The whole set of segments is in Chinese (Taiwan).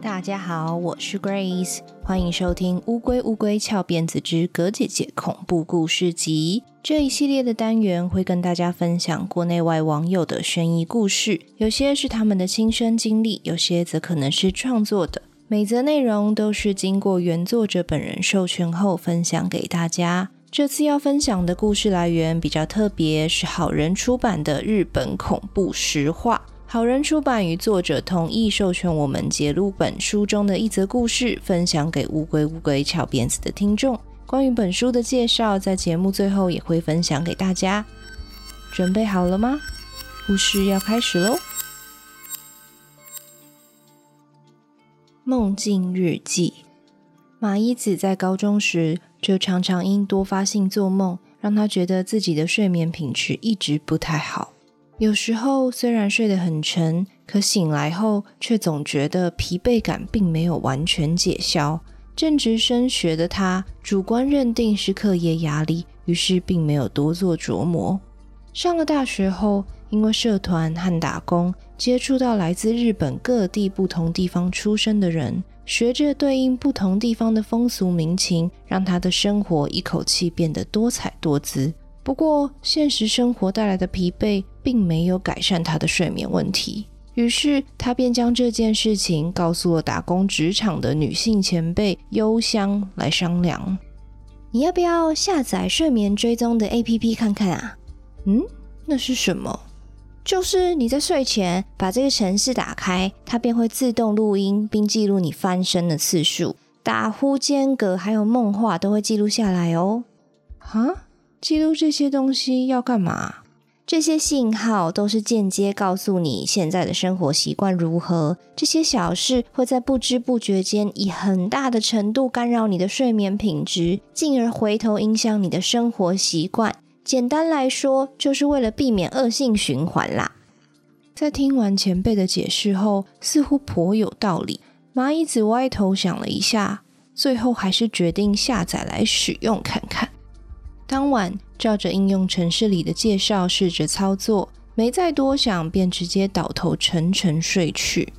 大家好，我是 Grace，歡迎收聽《烏龜烏龜翹辮子之葛姐姐恐怖故事集》這一系列的單元，會跟大家分享國內外網友的懸疑故事，有些是他們的親身經歷，有些則可能是創作的。每則內容都是經過原作者本人授權後分享給大家。這次要分享的故事來源比較特別，是好人出版的日本恐怖實話。好人出版與作者同意授權我們節錄本書中的一則故事，分享給烏龜烏龜翹辮子的聽眾。關於本書的介紹，在節目最後也會分享給大家。準備好了嗎？故事要開始嘍！夢境日記，麻衣子在高中時就常常因多發性做夢，讓她覺得自己的睡眠品質一直不太好。有時候雖然睡得很沉，可醒來後卻總覺得疲憊感並沒有完全解消。正值升學的她，主觀認定是課業壓力，於是並沒有多做琢磨。上了大學後。因為社團和打工接觸到來自日本各地不同地方出身的人，學着對應不同地方的風俗民情，讓他的生活一口氣變得多彩多姿。不過現實生活帶來的疲憊並沒有改善他的睡眠問題，於是他便將這件事情告訴了打工職場的女性前輩幽香來商量。你要不要下載睡眠追蹤的 APP 看看啊？嗯，那是什麼？就是你在睡前把這個程式打開，它便會自動錄音並記錄你翻身的次數、打呼間隔，還有夢話都會記錄下來哦。啊，記錄這些東西要幹嘛？這些信號都是間接告訴你現在的生活習慣如何。這些小事會在不知不覺間以很大的程度干擾你的睡眠品質，進而回頭影響你的生活習慣。簡單來說，就是為了避免惡性循環啦。在聽完前輩的解釋後，似乎頗有道理。麻衣子歪頭想了一下，最後還是決定下載來使用看看。當晚，照着應用程式裡的介紹試着操作，沒再多想，便直接倒頭沉沉睡去。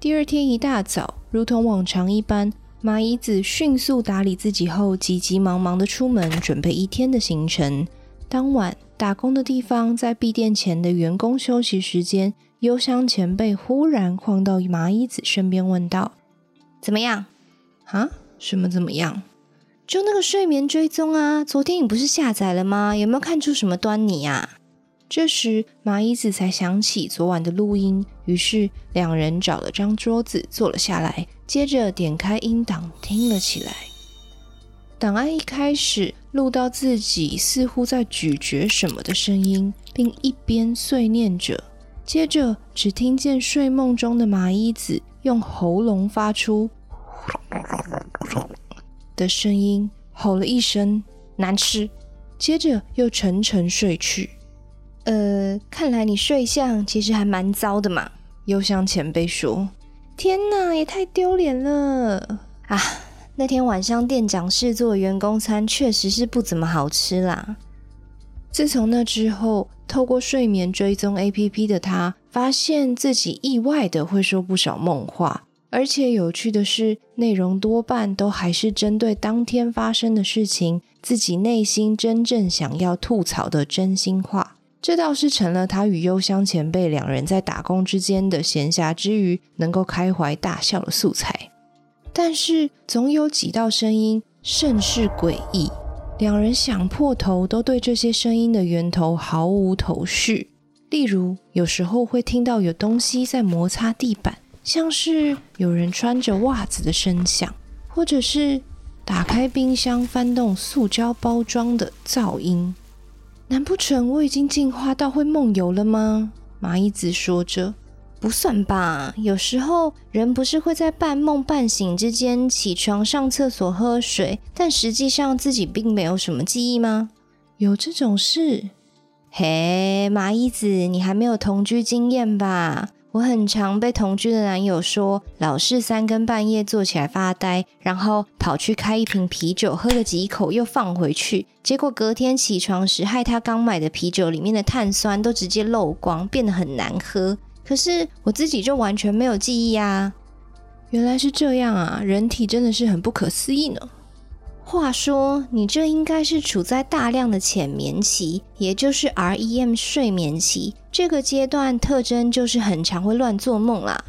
第二天一大早，如同往常一般，麻衣子迅速打理自己後，急急忙忙的出門，準備一天的行程。當晚打工的地方，在閉店前的員工休息時間，幽香前輩忽然晃到麻衣子身邊，問道：“怎麼樣？啊？什麼怎麼樣？就那個睡眠追蹤啊？昨天你不是下載了嗎？有沒有看出什麼端倪啊？”這時麻衣子才想起昨晚的錄音，於是兩人找了張桌子坐了下來，接着點開音檔聽了起來。檔案一開始錄到自己似乎在咀嚼什麼的聲音，並一邊碎念着，接着只聽見睡夢中的麻衣子用喉嚨發出“呼嚕嚕嚕”的聲音，吼了一聲“難吃”，接着又沉沉睡去。呃，看來你睡相其實還蠻糟的嘛。幽香前輩說：“天哪，也太丟臉了啊！”那天晚上店長試做員工餐，確實是不怎麼好吃啦。自從那之後，透過睡眠追蹤 APP 的他，發現自己意外的會說不少夢話，而且有趣的是，內容多半都還是針對當天發生的事情，自己內心真正想要吐槽的真心話。這倒是成了他與幽香前輩兩人在打工之間的閒暇之餘，能夠開懷大笑的素材。但是總有幾道聲音甚是詭異，兩人想破頭都對這些聲音的源頭毫無頭緒。例如，有時候會聽到有東西在摩擦地板，像是有人穿着襪子的聲響，或者是打開冰箱、翻動塑膠包裝的噪音。難不成我已經進化到會夢游了嗎？麻衣子說着。不算吧，有時候人不是會在半夢半醒之間起床上廁所喝水，但實際上自己並沒有什麼記憶嗎？有這種事。嘿，麻衣子，你還沒有同居經驗吧？我很常被同居的男友說，老是三更半夜坐起來發呆，然後跑去開一瓶啤酒，喝了幾口又放回去，結果隔天起床時，害他剛買的啤酒裡面的碳酸都直接漏光，變得很難喝。可是我自己就完全沒有記憶啊。原來是這樣啊！人體真的是很不可思議呢。話說，你這應該是處在大量的淺眠期，也就是 REM 睡眠期這個階段，特徵就是很常會亂做夢啦。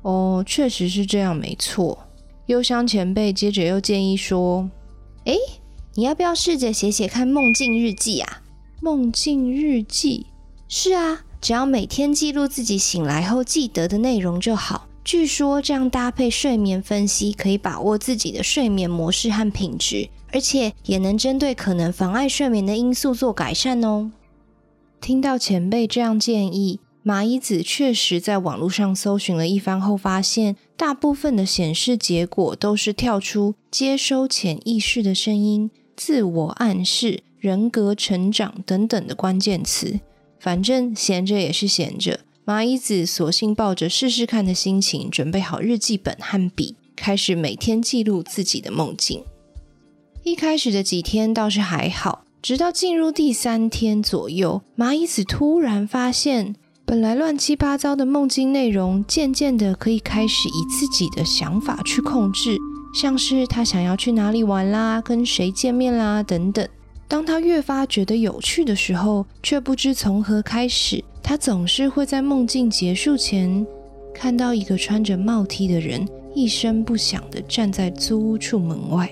哦，確實是這樣沒錯，沒錯。幽香前輩接着又建議說：“哎、欸，你要不要試着寫寫看夢境日記啊？”夢境日記？是啊。只要每天記錄自己醒來後記得的內容就好。據說這樣搭配睡眠分析，可以把握自己的睡眠模式和品質，而且也能針對可能妨礙睡眠的因素做改善哦。聽到前輩這樣建議，麻衣子確實在網絡上搜尋了一番後，發現大部分的顯示結果都是跳出接收潛意識的聲音、自我暗示、人格成長等等的關鍵詞。反正閒着也是閒着，麻衣子索性抱着試試看的心情，準備好日記本和筆，開始每天記錄自己的夢境。一開始的幾天倒是還好，直到進入第三天左右，麻衣子突然發現，本來亂七八糟的夢境內容，漸漸的可以開始以自己的想法去控制，像是她想要去哪裡玩啦，跟誰見面啦，等等。當他越發覺得有趣的時候，卻不知從何開始。他總是會在夢境結束前看到一個穿着帽 T 的人，一聲不響地站在租屋處門外。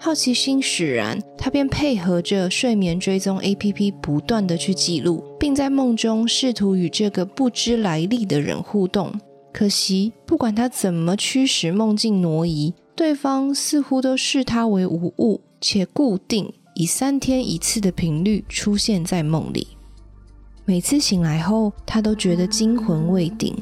好奇心使然，他便配合着睡眠追蹤 APP 不斷地去記錄，並在夢中試圖與這個不知來歷的人互動。可惜，不管他怎麼驅使夢境挪移，對方似乎都視他為無物且固定以三天一次的頻率出現在夢裡，每次醒來後，他都覺得驚魂未定。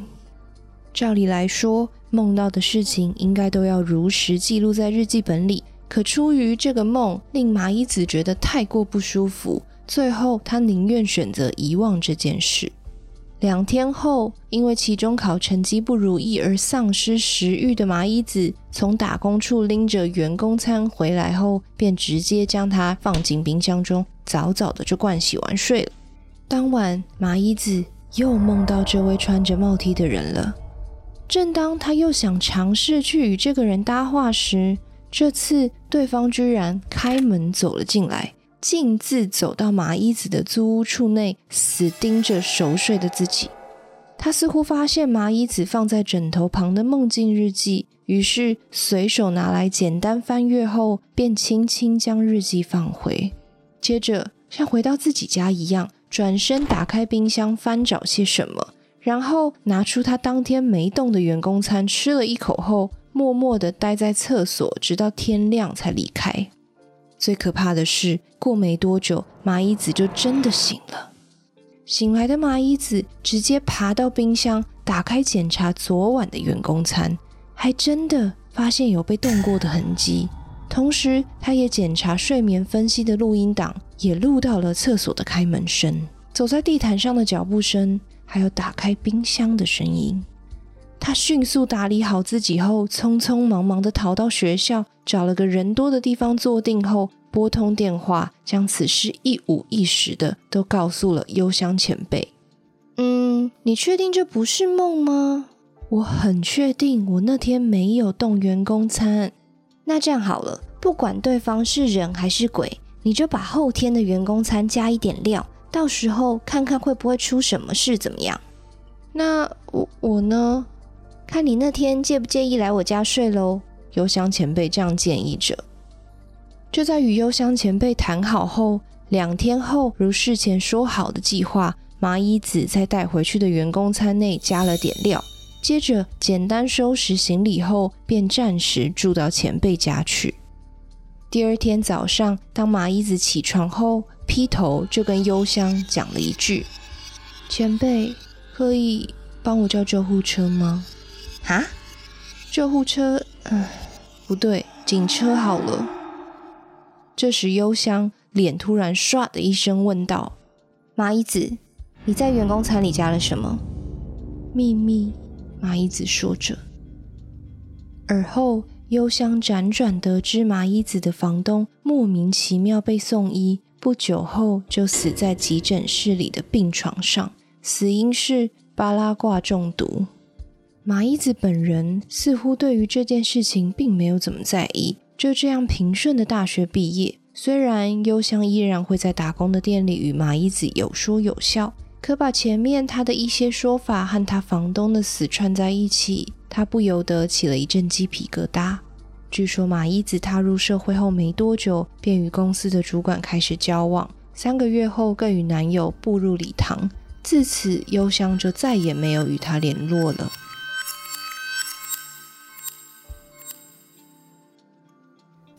照理來說，夢到的事情應該都要如實記錄在日記本裡，可出於這個夢令麻衣子覺得太過不舒服，最後他寧願選擇遺忘這件事。兩天後，因為期中考成績不如意而喪失食欲的麻衣子，從打工處拎着員工餐回來後，便直接將它放進冰箱中，早早的就盥洗完睡了。當晚，麻衣子又夢到這位穿着帽 T 的人了。正當她又想嘗試去與這個人搭話時，這次對方居然開門走了進來。徑自走到麻衣子的租屋處內，死盯着熟睡的自己。他似乎發現麻衣子放在枕頭旁的夢境日記，於是隨手拿來，簡單翻閱後，便輕輕將日記放回。接着像回到自己家一樣，轉身打開冰箱，翻找些什麼，然後拿出他當天沒動的員工餐，吃了一口後，默默的待在廁所，直到天亮才離開。最可怕的是，過沒多久，麻衣子就真的醒了。醒來的麻衣子直接爬到冰箱，打開檢查昨晚的員工餐，還真的發現有被動過的痕跡。同時，她也檢查睡眠分析的錄音檔，也錄到了廁所的開門聲、走在地毯上的腳步聲，還有打開冰箱的聲音。他迅速打理好自己後，匆匆忙忙的逃到學校，找了個人多的地方坐定後，撥通電話，將此事一五一十的都告訴了幽香前輩。嗯，你確定這不是夢嗎？我很確定，我那天沒有動員工餐。那這樣好了，不管對方是人還是鬼，你就把後天的員工餐加一點料，到時候看看會不會出什麼事，怎麼樣？那我我呢？看你那天介不介意來我家睡嘍？幽湘前輩這樣建議着。就在與幽湘前輩談好後，兩天後如事前說好的計劃，麻衣子在帶回去的員工餐內加了點料，接着簡單收拾行李後，便暫時住到前輩家去。第二天早上，當麻衣子起床後，劈頭就跟幽湘講了一句：“前輩，可以幫我叫救護車嗎？”啊！救護哈車……嗯，不對，警車好了。這時，幽香臉突然唰的一聲問道：“麻衣子，你在員工餐裡加了什麼秘密？”麻衣子說着，而後幽香輾轉得知，麻衣子的房東莫名其妙被送醫，不久後就死在急診室裡的病床上，死因是巴拉刈中毒。馬衣子本人似乎對於這件事情並沒有怎麼在意。就這樣平順的大學畢業，雖然幽香依然會在打工的店裡與馬衣子有說有笑，可把前面他的一些說法和他房東的死串在一起，他不由得起了一陣雞皮疙瘩。據說馬衣子踏入社會後沒多久，便與公司的主管開始交往，三個月後更與男友步入禮堂，自此幽香就再也沒有與他聯絡了。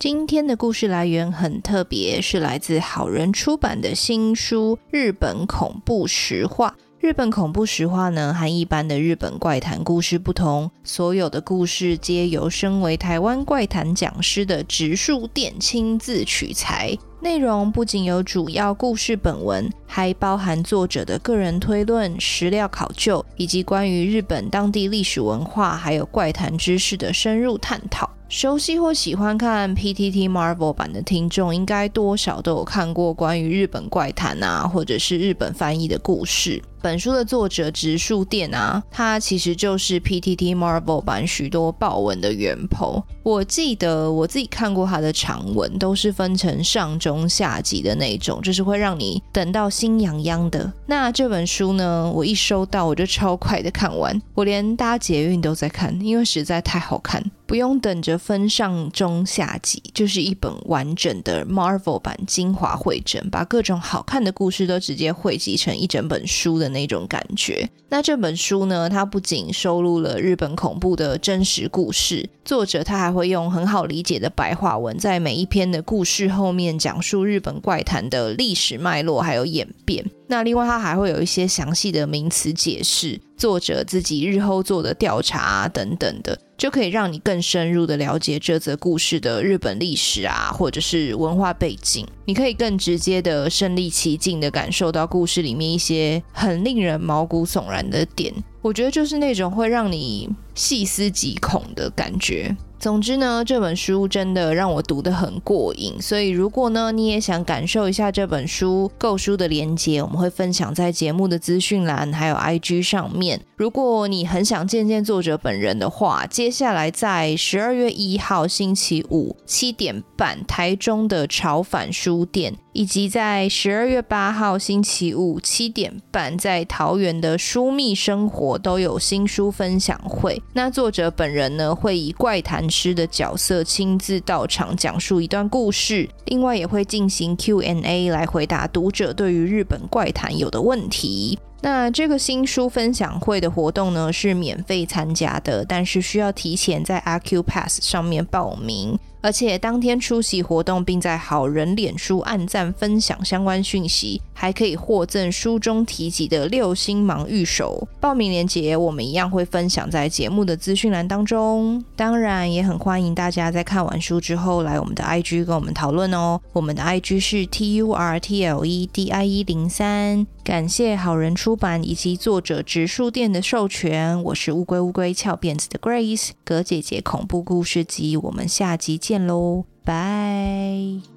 今天的故事來源很特別，是來自好人出版的新書《日本恐怖實話》。日本恐怖實話呢，和一般的日本怪談故事不同，所有的故事皆由身為台灣怪談講師的直樹殿親自取材。內容不僅有主要故事本文，還包含作者的個人推論、史料考究，以及關於日本當地歷史文化還有怪談知識的深入探討。熟悉或喜歡看 PTT Marvel 版的聽眾，應該多少都有看過關於日本怪談啊，或者是日本翻譯的故事。本書的作者直樹殿啊，他其實就是 PTT Marvel 版許多爆文的源頭。我記得我自己看過他的長文，都是分成上中下集的那種，就是會讓你等到心癢癢的。那這本書呢，我一收到我就超快的看完，我連搭捷運都在看，因為實在太好看，不用等着分上中下集，就是一本完整的 Marvel 版精華彙整，把各種好看的故事都直接匯集成一整本書的。那種感覺。那這本書呢，它不僅收錄了日本恐怖的真實故事，作者他還會用很好理解的白話文，在每一篇的故事後面講述日本怪談的歷史脈絡還有演變。那另外，它還會有一些詳細的名詞解釋，作者自己日後做的調查啊、等等的，就可以讓你更深入的了解這則故事的日本歷史啊，或者是文化背景。你可以更直接的身臨其境的感受到故事裡面一些很令人毛骨悚然的點，我覺得就是那種會讓你細思極恐的感覺。總之呢，這本書真的讓我讀得很過癮，所以如果呢你也想感受一下這本書，購書的連結我們會分享在節目的資訊欄，還有 IG 上面。如果你很想見見作者本人的話，接下來在十二月一號星期五七點半，台中的潮返書店。以及在十二月八號星期五七點半，在桃園的書蜜生活都有新書分享會。那作者本人呢，會以怪談師的角色親自到場講述一段故事，另外也會進行 Q&A 來回答讀者對於日本怪談有的問題。那這個新書分享會的活動呢，是免費參加的，但是需要提前在 Accupass 上面報名。而且當天出席活動，並在好人臉書按讚分享相關訊息，還可以獲贈書中提及的六星芒御守。報名連結我們一樣會分享在節目的資訊欄當中。當然也很歡迎大家在看完書之後來我們的 IG 跟我們討論哦。我們的 IG 是 T U R T L E D I E 一零三。感謝好人出版以及作者直樹殿的授權。我是烏龜烏龜翹辮子的 Grace 葛姐姐。恐怖故事集，我們下集見。再見嘍，拜。